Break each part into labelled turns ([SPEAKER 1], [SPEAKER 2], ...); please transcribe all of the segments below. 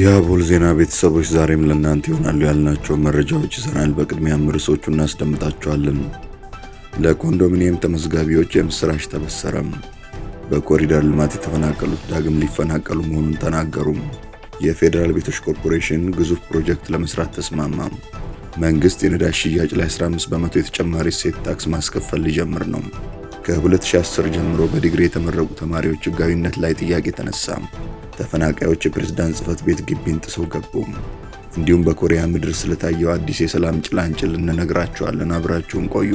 [SPEAKER 1] የአቦል ዜና ቤተሰቦች ዛሬም ለእናንተ ይሆናሉ ያልናቸው መረጃዎች ይዘናል። በቅድሚያም ርዕሶቹ እናስደምጣቸዋለን። ለኮንዶሚኒየም ተመዝጋቢዎች የምስራች ተበሰረም። በኮሪደር ልማት የተፈናቀሉት ዳግም ሊፈናቀሉ መሆኑን ተናገሩም። የፌዴራል ቤቶች ኮርፖሬሽን ግዙፍ ፕሮጀክት ለመስራት ተስማማ። መንግስት የነዳጅ ሽያጭ ላይ 15 በመቶ የተጨማሪ እሴት ታክስ ማስከፈል ሊጀምር ነው። ከ2010 ጀምሮ በዲግሪ የተመረቁ ተማሪዎች ሕጋዊነት ላይ ጥያቄ ተነሳ። ተፈናቃዮች የፕሬዝዳንት ጽህፈት ቤት ግቢን ጥሰው ገቡ። እንዲሁም በኮሪያ ምድር ስለታየው አዲስ የሰላም ጭላንጭል እንነግራችኋለን። አብራችሁን ቆዩ።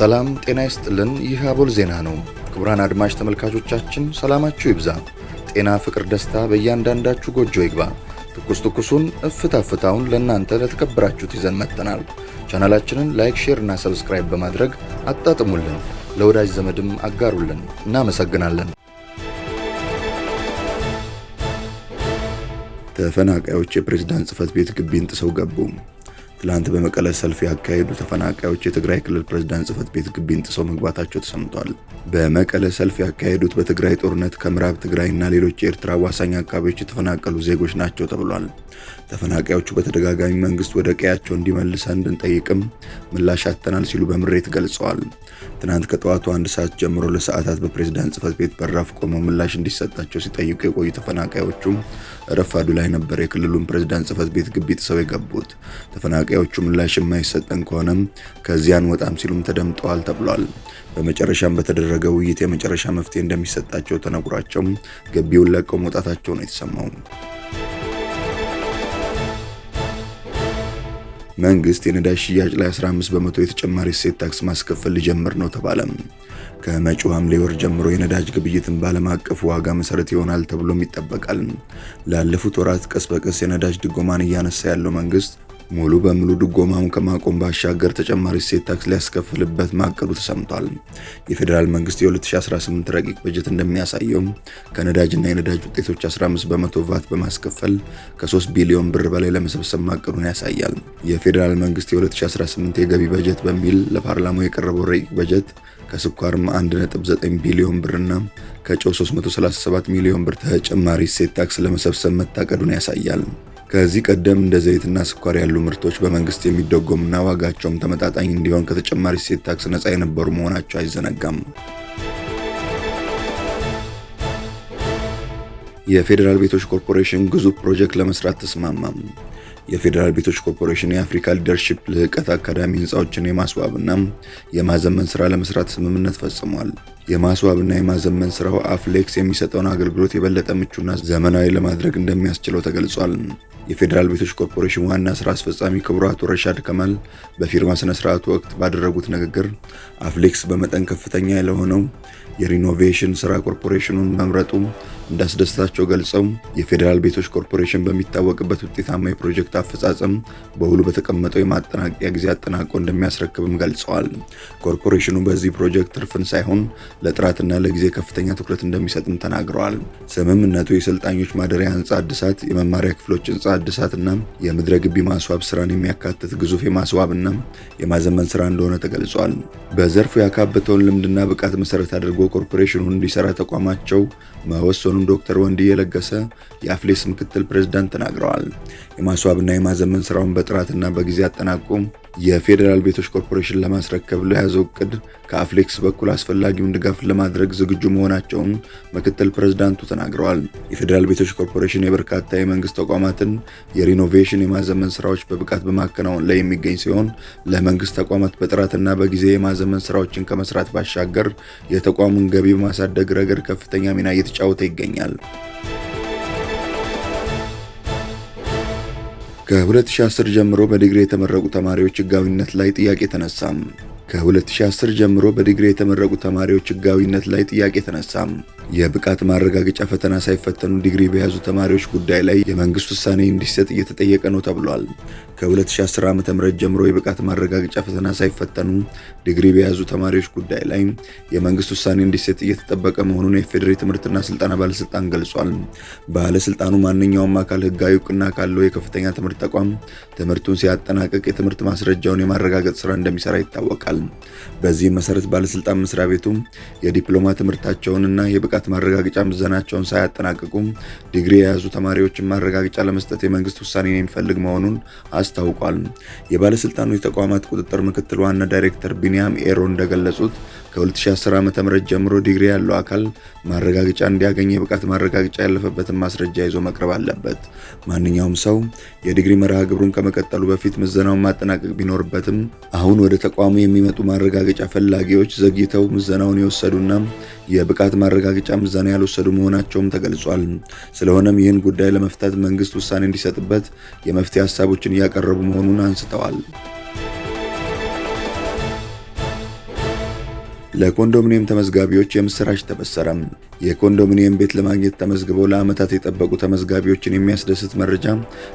[SPEAKER 2] ሰላም ጤና ይስጥልን። ይህ አቦል ዜና ነው። ክቡራን አድማጭ ተመልካቾቻችን ሰላማችሁ ይብዛ። ጤና፣ ፍቅር፣ ደስታ በእያንዳንዳችሁ ጎጆ ይግባ። ትኩስ ትኩሱን እፍታ ፍታውን ለእናንተ ለተከበራችሁት ይዘን መጥተናል። ቻናላችንን ላይክ፣ ሼር እና ሰብስክራይብ በማድረግ አጣጥሙልን፣ ለወዳጅ ዘመድም አጋሩልን። እናመሰግናለን።
[SPEAKER 1] ተፈናቃዮች የፕሬዝዳንት ጽህፈት ቤት ግቢን ጥሰው ገቡ። ትላንት በመቀለ ሰልፍ ያካሄዱ ተፈናቃዮች የትግራይ ክልል ፕሬዝዳንት ጽህፈት ቤት ግቢን ጥሰው መግባታቸው ተሰምቷል። በመቀለ ሰልፍ ያካሄዱት በትግራይ ጦርነት ከምዕራብ ትግራይና ሌሎች የኤርትራ ዋሳኝ አካባቢዎች የተፈናቀሉ ዜጎች ናቸው ተብሏል። ተፈናቃዮቹ በተደጋጋሚ መንግስት ወደ ቀያቸው እንዲመልሰ እንድንጠይቅም ምላሽ አጥተናል ሲሉ በምሬት ገልጸዋል። ትናንት ከጠዋቱ አንድ ሰዓት ጀምሮ ለሰዓታት በፕሬዝዳንት ጽህፈት ቤት በራፍ ቆመው ምላሽ እንዲሰጣቸው ሲጠይቁ የቆዩ ተፈናቃዮቹ ረፋዱ ላይ ነበር የክልሉን ፕሬዝዳንት ጽህፈት ቤት ግቢ ጥሰው የገቡት። ጥያቄዎቹ ምላሽ የማይሰጠን ከሆነም ከዚያን ወጣም ሲሉም ተደምጠዋል ተብሏል። በመጨረሻም በተደረገ ውይይት የመጨረሻ መፍትሄ እንደሚሰጣቸው ተነግሯቸው ግቢውን ለቀው መውጣታቸው ነው የተሰማው። መንግስት የነዳጅ ሽያጭ ላይ 15 በመቶ የተጨማሪ እሴት ታክስ ማስከፈል ሊጀምር ነው ተባለ። ከመጪው ሐምሌ ወር ጀምሮ የነዳጅ ግብይትን በዓለም አቀፍ ዋጋ መሰረት ይሆናል ተብሎም ይጠበቃል። ላለፉት ወራት ቀስ በቀስ የነዳጅ ድጎማን እያነሳ ያለው መንግስት ሙሉ በሙሉ ድጎማውን ከማቆም ባሻገር ተጨማሪ እሴት ታክስ ሊያስከፍልበት ማቀዱ ተሰምቷል። የፌዴራል መንግስት የ2018 ረቂቅ በጀት እንደሚያሳየው ከነዳጅና የነዳጅ ውጤቶች 15 በመቶ ቫት በማስከፈል ከ3 ቢሊዮን ብር በላይ ለመሰብሰብ ማቀዱን ያሳያል። የፌዴራል መንግስት የ2018 የገቢ በጀት በሚል ለፓርላማው የቀረበው ረቂቅ በጀት ከስኳርም 1.9 ቢሊዮን ብርና ከጨው 337 ሚሊዮን ብር ተጨማሪ እሴት ታክስ ለመሰብሰብ መታቀዱን ያሳያል። ከዚህ ቀደም እንደ ዘይትና ስኳር ያሉ ምርቶች በመንግስት የሚደጎሙና ዋጋቸውም ተመጣጣኝ እንዲሆን ከተጨማሪ እሴት ታክስ ነጻ የነበሩ መሆናቸው አይዘነጋም። የፌዴራል ቤቶች ኮርፖሬሽን ግዙፍ ፕሮጀክት ለመስራት ተስማማም። የፌዴራል ቤቶች ኮርፖሬሽን የአፍሪካ ሊደርሺፕ ልህቀት አካዳሚ ህንፃዎችን የማስዋብና የማዘመን ስራ ለመስራት ስምምነት ፈጽሟል። የማስዋብና የማዘመን ስራው አፍሌክስ የሚሰጠውን አገልግሎት የበለጠ ምቹና ዘመናዊ ለማድረግ እንደሚያስችለው ተገልጿል። የፌዴራል ቤቶች ኮርፖሬሽን ዋና ስራ አስፈጻሚ ክቡር አቶ ረሻድ ከማል በፊርማ ስነ ስርዓቱ ወቅት ባደረጉት ንግግር አፍሌክስ በመጠን ከፍተኛ ለሆነው የሪኖቬሽን ስራ ኮርፖሬሽኑን መምረጡ እንዳስደስታቸው ገልጸው የፌዴራል ቤቶች ኮርፖሬሽን በሚታወቅበት ውጤታማ የፕሮጀክት አፈጻጸም በውሉ በተቀመጠው የማጠናቀቂያ ጊዜ አጠናቆ እንደሚያስረክብም ገልጸዋል። ኮርፖሬሽኑ በዚህ ፕሮጀክት ትርፍን ሳይሆን ለጥራትና ለጊዜ ከፍተኛ ትኩረት እንደሚሰጥም ተናግረዋል። ስምምነቱ የሰልጣኞች ማደሪያ ህንፃ አድሳት፣ የመማሪያ ክፍሎች ህንፃ አድሳትና የምድረ ግቢ ማስዋብ ስራን የሚያካትት ግዙፍ የማስዋብና የማዘመን ስራ እንደሆነ ተገልጿል። በዘርፉ ያካበተውን ልምድና ብቃት መሰረት አድርጎ ኮርፖሬሽኑ እንዲሰራ ተቋማቸው መወሰኑ መሆኑን ዶክተር ወንድዬ ለገሰ የአፍሌስ ምክትል ፕሬዝዳንት ተናግረዋል። የማስዋብና የማዘመን ስራውን በጥራትና በጊዜ አጠናቆ የፌዴራል ቤቶች ኮርፖሬሽን ለማስረከብ ለያዘው እቅድ ከአፍሌክስ በኩል አስፈላጊውን ድጋፍ ለማድረግ ዝግጁ መሆናቸውን ምክትል ፕሬዝዳንቱ ተናግረዋል። የፌዴራል ቤቶች ኮርፖሬሽን የበርካታ የመንግስት ተቋማትን የሪኖቬሽን የማዘመን ስራዎች በብቃት በማከናወን ላይ የሚገኝ ሲሆን ለመንግስት ተቋማት በጥራትና በጊዜ የማዘመን ስራዎችን ከመስራት ባሻገር የተቋሙን ገቢ በማሳደግ ረገድ ከፍተኛ ሚና እየተጫወተ ይገኛል። ይገኛል። ከ2010 ጀምሮ በዲግሪ የተመረቁ ተማሪዎች ህጋዊነት ላይ ጥያቄ ተነሳም። ከ2010 ጀምሮ በዲግሪ የተመረቁ ተማሪዎች ህጋዊነት ላይ ጥያቄ ተነሳም። የብቃት ማረጋገጫ ፈተና ሳይፈተኑ ዲግሪ በያዙ ተማሪዎች ጉዳይ ላይ የመንግስት ውሳኔ እንዲሰጥ እየተጠየቀ ነው ተብሏል። ከ2010 ዓ.ም ጀምሮ የብቃት ማረጋገጫ ፈተና ሳይፈተኑ ዲግሪ በያዙ ተማሪዎች ጉዳይ ላይ የመንግስት ውሳኔ እንዲሰጥ እየተጠበቀ መሆኑን የፌዴሪ ትምህርትና ስልጠና ባለስልጣን ገልጿል። ባለስልጣኑ ማንኛውም አካል ህጋዊ እውቅና ካለው የከፍተኛ ትምህርት ተቋም ትምህርቱን ሲያጠናቅቅ የትምህርት ማስረጃውን የማረጋገጥ ስራ እንደሚሰራ ይታወቃል። በዚህ መሰረት ባለስልጣን መስሪያ ቤቱ የዲፕሎማ ትምህርታቸውንና የብቃት ማረጋገጫ ምዘናቸውን ሳያጠናቅቁ ዲግሪ የያዙ ተማሪዎችን ማረጋገጫ ለመስጠት የመንግስት ውሳኔ የሚፈልግ መሆኑን አስታውቋል። የባለስልጣኖች ተቋማት ቁጥጥር ምክትል ዋና ዳይሬክተር ቢኒያም ኤሮ እንደገለጹት ከ2010 ዓ.ም ጀምሮ ዲግሪ ያለው አካል ማረጋገጫ እንዲያገኝ የብቃት ማረጋገጫ ያለፈበትን ማስረጃ ይዞ መቅረብ አለበት። ማንኛውም ሰው የዲግሪ መርሃ ግብሩን ከመቀጠሉ በፊት ምዘናውን ማጠናቀቅ ቢኖርበትም አሁን ወደ ተቋሙ የሚመጡ ማረጋገጫ ፈላጊዎች ዘግይተው ምዘናውን የወሰዱና የብቃት ማረጋገጫ ምዘና ያልወሰዱ መሆናቸውም ተገልጿል። ስለሆነም ይህን ጉዳይ ለመፍታት መንግስት ውሳኔ እንዲሰጥበት የመፍትሄ ሀሳቦችን እያቀረቡ መሆኑን አንስተዋል። ለኮንዶሚኒየም ተመዝጋቢዎች የምስራች ተበሰረም። የኮንዶሚኒየም ቤት ለማግኘት ተመዝግበው ለዓመታት የጠበቁ ተመዝጋቢዎችን የሚያስደስት መረጃ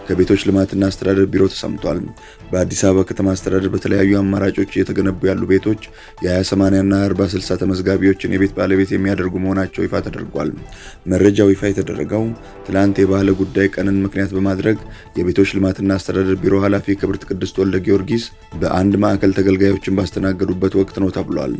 [SPEAKER 1] ከቤቶች ልማትና አስተዳደር ቢሮ ተሰምቷል። በአዲስ አበባ ከተማ አስተዳደር በተለያዩ አማራጮች እየተገነቡ ያሉ ቤቶች የ20/80ና 40/60 ተመዝጋቢዎችን የቤት ባለቤት የሚያደርጉ መሆናቸው ይፋ ተደርጓል። መረጃው ይፋ የተደረገው ትላንት የባህለ ጉዳይ ቀንን ምክንያት በማድረግ የቤቶች ልማትና አስተዳደር ቢሮ ኃላፊ ክብርት ቅድስት ወልደ ጊዮርጊስ በአንድ ማዕከል ተገልጋዮችን ባስተናገዱበት ወቅት ነው ተብሏል።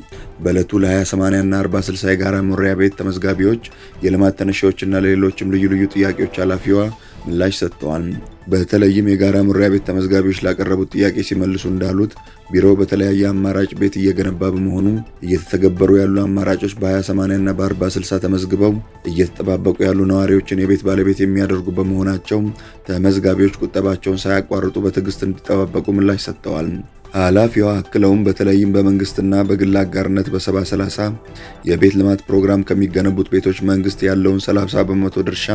[SPEAKER 1] በዕለቱ ለ20/80 እና 40/60 የጋራ መኖሪያ ቤት ተመዝጋቢዎች፣ የልማት ተነሻዎችና ለሌሎችም ልዩ ልዩ ጥያቄዎች ኃላፊዋ ምላሽ ሰጥተዋል። በተለይም የጋራ መኖሪያ ቤት ተመዝጋቢዎች ላቀረቡት ጥያቄ ሲመልሱ እንዳሉት ቢሮው በተለያየ አማራጭ ቤት እየገነባ በመሆኑ እየተተገበሩ ያሉ አማራጮች በ20/80 እና በ40/60 ተመዝግበው እየተጠባበቁ ያሉ ነዋሪዎችን የቤት ባለቤት የሚያደርጉ በመሆናቸው ተመዝጋቢዎች ቁጠባቸውን ሳያቋርጡ በትዕግስት እንዲጠባበቁ ምላሽ ሰጥተዋል። ኃላፊዋ አክለውም በተለይም በመንግስትና በግል አጋርነት በ70/30 የቤት ልማት ፕሮግራም ከሚገነቡት ቤቶች መንግስት ያለውን 30 በመቶ ድርሻ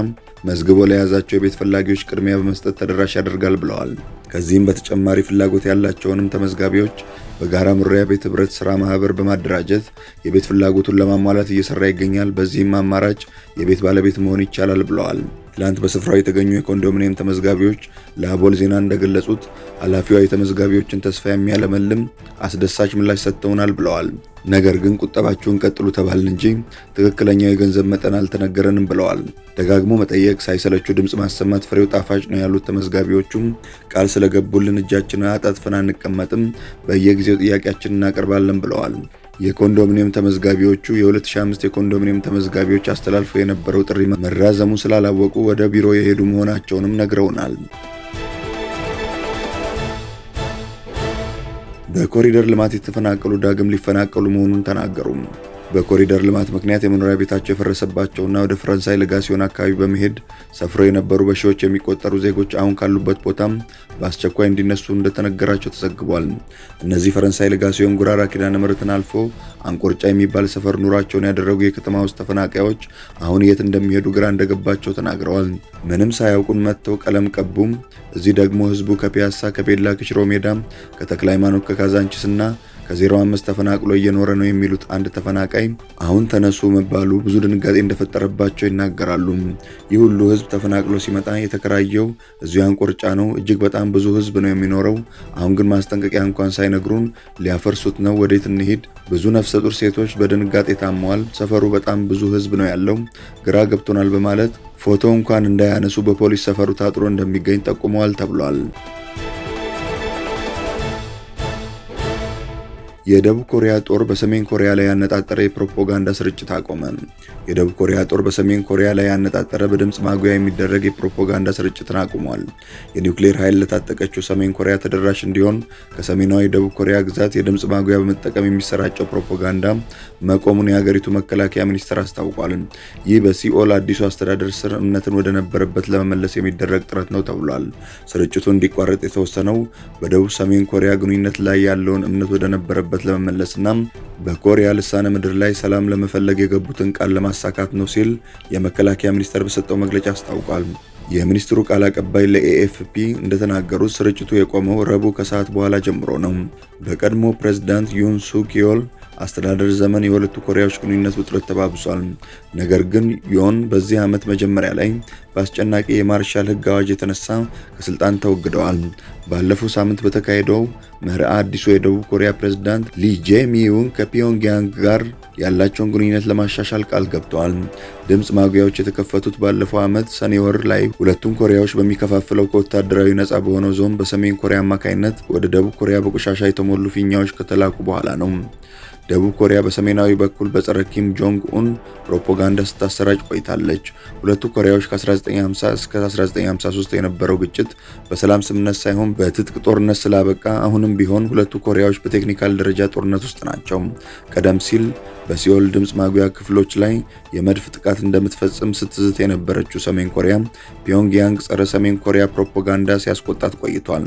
[SPEAKER 1] መዝግቦ ለያዛቸው የቤት ፈላጊዎች ቅድሚያ በመስጠት ተደራሽ ያደርጋል ብለዋል። ከዚህም በተጨማሪ ፍላጎት ያላቸውንም ተመዝጋቢዎች በጋራ መኖሪያ ቤት ህብረት ስራ ማህበር በማደራጀት የቤት ፍላጎቱን ለማሟላት እየሰራ ይገኛል። በዚህም አማራጭ የቤት ባለቤት መሆን ይቻላል ብለዋል። ትላንት በስፍራው የተገኙ የኮንዶሚኒየም ተመዝጋቢዎች ለአቦል ዜና እንደገለጹት ኃላፊዋ የተመዝጋቢዎችን ተስፋ የሚያለመልም አስደሳች ምላሽ ሰጥተውናል ብለዋል። ነገር ግን ቁጠባችሁን ቀጥሉ ተባልን እንጂ ትክክለኛው የገንዘብ መጠን አልተነገረንም ብለዋል። ደጋግሞ መጠየቅ፣ ሳይሰለችው ድምፅ ማሰማት ፍሬው ጣፋጭ ነው ያሉት ተመዝጋቢዎቹም ቃል ስለገቡልን እጃችንን አጣጥፈን አንቀመጥም፣ በየጊዜው ጥያቄያችንን እናቀርባለን ብለዋል። የኮንዶሚኒየም ተመዝጋቢዎቹ የ2005 የኮንዶሚኒየም ተመዝጋቢዎች አስተላልፎ የነበረው ጥሪ መራዘሙ ስላላወቁ ወደ ቢሮ የሄዱ መሆናቸውንም ነግረውናል። በኮሪደር ልማት የተፈናቀሉ ዳግም ሊፈናቀሉ መሆኑን ተናገሩም። በኮሪደር ልማት ምክንያት የመኖሪያ ቤታቸው የፈረሰባቸውና ወደ ፈረንሳይ ለጋሲዮን አካባቢ በመሄድ ሰፍረው የነበሩ በሺዎች የሚቆጠሩ ዜጎች አሁን ካሉበት ቦታም በአስቸኳይ እንዲነሱ እንደተነገራቸው ተዘግቧል። እነዚህ ፈረንሳይ ለጋሲዮን፣ ጉራራ ኪዳነ ምሕረትን አልፎ አንቆርጫ የሚባል ሰፈር ኑሯቸውን ያደረጉ የከተማ ውስጥ ተፈናቃዮች አሁን የት እንደሚሄዱ ግራ እንደገባቸው ተናግረዋል። ምንም ሳያውቁን መጥተው ቀለም ቀቡም። እዚህ ደግሞ ህዝቡ ከፒያሳ፣ ከቤላ፣ ከሽሮ ሜዳ፣ ከተክለ ሃይማኖት፣ ከካዛንቺስና ከ አምስት ተፈናቅሎ እየኖረ ነው የሚሉት አንድ ተፈናቃይ አሁን ተነሱ መባሉ ብዙ ድንጋጤ እንደፈጠረባቸው ይናገራሉ። ይህ ሁሉ ህዝብ ተፈናቅሎ ሲመጣ የተከራየው እዚያን ቁርጫ ነው። እጅግ በጣም ብዙ ህዝብ ነው የሚኖረው። አሁን ግን ማስጠንቀቂያ እንኳን ሳይነግሩን ሊያፈርሱት ነው። ወዴት እንሂድ? ብዙ ነፍሰ ጡር ሴቶች በድንጋጤ ታመዋል። ሰፈሩ በጣም ብዙ ህዝብ ነው ያለው። ግራ ገብቶናል በማለት ፎቶ እንኳን እንዳያነሱ በፖሊስ ሰፈሩ ታጥሮ እንደሚገኝ ጠቁመዋል ተብሏል። የደቡብ ኮሪያ ጦር በሰሜን ኮሪያ ላይ ያነጣጠረ የፕሮፓጋንዳ ስርጭት አቆመ። የደቡብ ኮሪያ ጦር በሰሜን ኮሪያ ላይ ያነጣጠረ በድምፅ ማጉያ የሚደረግ የፕሮፓጋንዳ ስርጭትን አቁሟል። የኒውክሌር ኃይል ለታጠቀችው ሰሜን ኮሪያ ተደራሽ እንዲሆን ከሰሜናዊ ደቡብ ኮሪያ ግዛት የድምፅ ማጉያ በመጠቀም የሚሰራጨው ፕሮፓጋንዳ መቆሙን የሀገሪቱ መከላከያ ሚኒስቴር አስታውቋል። ይህ በሲኦል አዲሱ አስተዳደር ስር እምነትን ወደነበረበት ለመመለስ የሚደረግ ጥረት ነው ተብሏል። ስርጭቱ እንዲቋረጥ የተወሰነው በደቡብ ሰሜን ኮሪያ ግንኙነት ላይ ያለውን እምነት ወደነበረበት ወዳሉበት ለመመለስና በኮሪያ ልሳነ ምድር ላይ ሰላም ለመፈለግ የገቡትን ቃል ለማሳካት ነው ሲል የመከላከያ ሚኒስቴር በሰጠው መግለጫ አስታውቋል። የሚኒስትሩ ቃል አቀባይ ለኤኤፍፒ እንደተናገሩት ስርጭቱ የቆመው ረቡዕ ከሰዓት በኋላ ጀምሮ ነው። በቀድሞ ፕሬዝዳንት ዩን ሱኪዮል አስተዳደር ዘመን የሁለቱ ኮሪያዎች ግንኙነት ውጥረት ተባብሷል። ነገር ግን ዮን በዚህ ዓመት መጀመሪያ ላይ በአስጨናቂ የማርሻል ሕግ አዋጅ የተነሳ ከስልጣን ተወግደዋል። ባለፈው ሳምንት በተካሄደው መርአ አዲሱ የደቡብ ኮሪያ ፕሬዝዳንት ሊጄ ጄሚዩን ከፒዮንግያንግ ጋር ያላቸውን ግንኙነት ለማሻሻል ቃል ገብተዋል። ድምፅ ማጉያዎች የተከፈቱት ባለፈው ዓመት ሰኔ ወር ላይ ሁለቱም ኮሪያዎች በሚከፋፍለው ከወታደራዊ ነፃ በሆነው ዞን በሰሜን ኮሪያ አማካኝነት ወደ ደቡብ ኮሪያ በቆሻሻ የተሞሉ ፊኛዎች ከተላኩ በኋላ ነው። ደቡብ ኮሪያ በሰሜናዊ በኩል በጸረ ኪም ጆንግ ኡን ፕሮፓጋንዳ ስታሰራጭ ቆይታለች። ሁለቱ ኮሪያዎች ከ1950 እስከ 1953 የነበረው ግጭት በሰላም ስምነት ሳይሆን በትጥቅ ጦርነት ስላበቃ አሁንም ቢሆን ሁለቱ ኮሪያዎች በቴክኒካል ደረጃ ጦርነት ውስጥ ናቸው። ቀደም ሲል በሲኦል ድምፅ ማጉያ ክፍሎች ላይ የመድፍ ጥቃት እንደምትፈጽም ስትዝት የነበረችው ሰሜን ኮሪያ ፒዮንግያንግ ጸረ ሰሜን ኮሪያ ፕሮፓጋንዳ ሲያስቆጣት ቆይቷል።